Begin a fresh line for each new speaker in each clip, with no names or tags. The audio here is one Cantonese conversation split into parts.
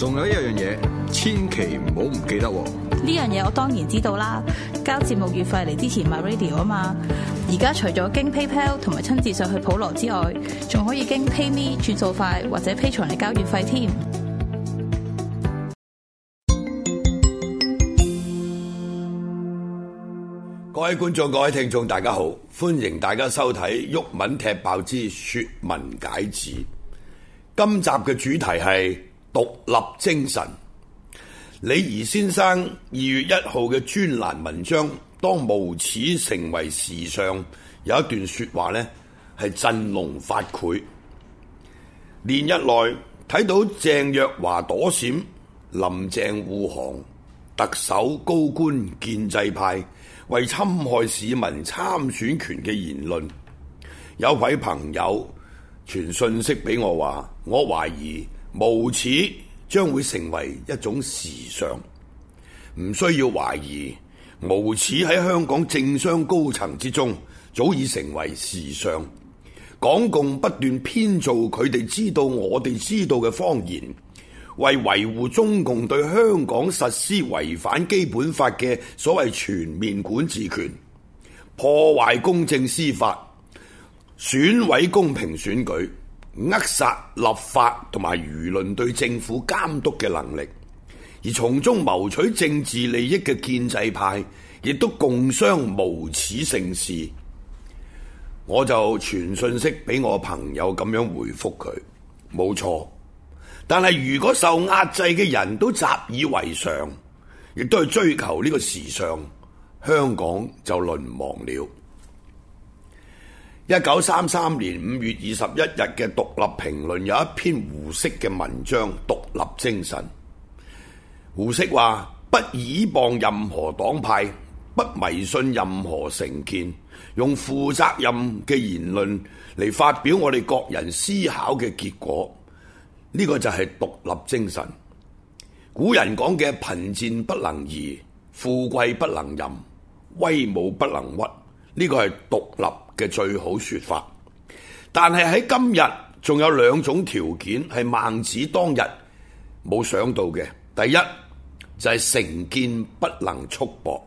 仲有一樣嘢，千祈唔好唔記得。呢樣嘢我當然知道啦，交節目月費嚟之前買 radio 啊嘛。而家除咗經 PayPal 同埋親自上去普羅之外，仲可以經 PayMe 轉數快或者 Pay 傳嚟交月費添。各位觀眾、各位聽眾，大家好，歡迎大家收睇《玉文踢爆之說文解字》。今集嘅主題係。獨立精神。李儀先生二月一號嘅專欄文章，當無恥成為時尚，有一段說話呢係振聾發聵。連日來睇到鄭若驊躲閃、林鄭護航、特首高官建制派為侵害市民參選權嘅言論，有位朋友傳訊息俾我話，我懷疑。無恥將會成為一種時尚，唔需要懷疑，無恥喺香港政商高層之中早已成為時尚。港共不斷編造佢哋知道我哋知道嘅謊言，為維護中共對香港實施違反基本法嘅所謂全面管治權，破壞公正司法，損毀公平選舉。扼殺立法同埋輿論對政府監督嘅能力，而從中謀取政治利益嘅建制派，亦都共商無恥盛事。我就傳信息俾我朋友咁樣回覆佢，冇錯。但係如果受壓制嘅人都習以為常，亦都係追求呢個時尚，香港就淪亡了。一九三三年五月二十一日嘅《獨立評論》有一篇胡適嘅文章《獨立精神》。胡適話：不倚傍任何黨派，不迷信任何成見，用負責任嘅言論嚟發表我哋各人思考嘅結果。呢、這個就係獨立精神。古人講嘅貧賤不能移，富貴不能淫，威武不能屈，呢、這個係獨立。嘅最好説法，但係喺今日仲有兩種條件係孟子當日冇想到嘅。第一就係、是、成見不能束縛，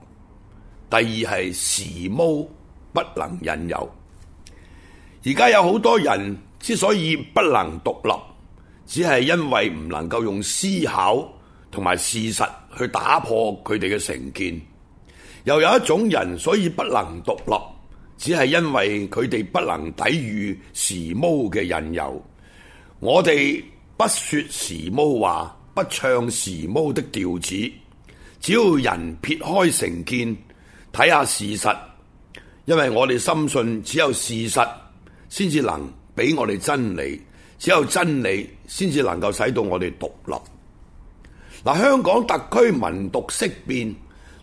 第二係時髦不能引誘。而家有好多人之所以不能獨立，只係因為唔能夠用思考同埋事實去打破佢哋嘅成見。又有一種人所以不能獨立。只係因為佢哋不能抵御時髦嘅引誘，我哋不説時髦話，不唱時髦的調子。只要人撇開成見，睇下事實。因為我哋深信，只有事實先至能俾我哋真理，只有真理先至能夠使到我哋獨立。嗱，香港特區民獨色變，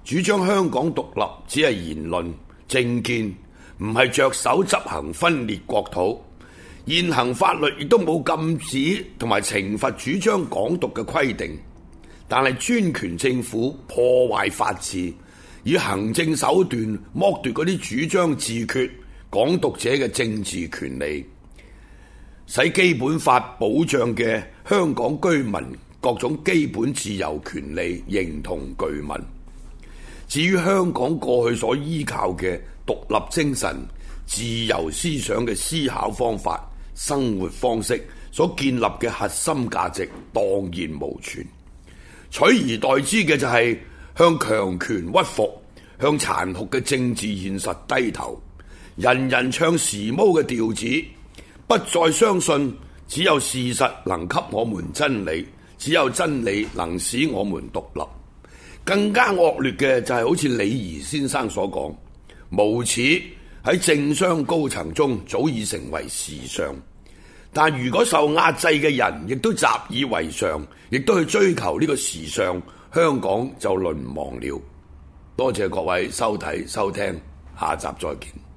主張香港獨立，只係言論政見。唔係着手執行分裂國土，現行法律亦都冇禁止同埋懲罰主張港獨嘅規定，但係專權政府破壞法治，以行政手段剝奪嗰啲主張自決港獨者嘅政治權利，使基本法保障嘅香港居民各種基本自由權利形同具文。至於香港過去所依靠嘅獨立精神、自由思想嘅思考方法、生活方式所建立嘅核心價值蕩然無存，取而代之嘅就係向強權屈服，向殘酷嘅政治現實低頭。人人唱時髦嘅調子，不再相信只有事實能給我們真理，只有真理能使我們獨立。更加惡劣嘅就係好似李儀先生所講。無恥喺政商高層中早已成為時尚，但如果受壓制嘅人亦都習以為常，亦都去追求呢個時尚，香港就淪亡了。多謝各位收睇收聽，下集再見。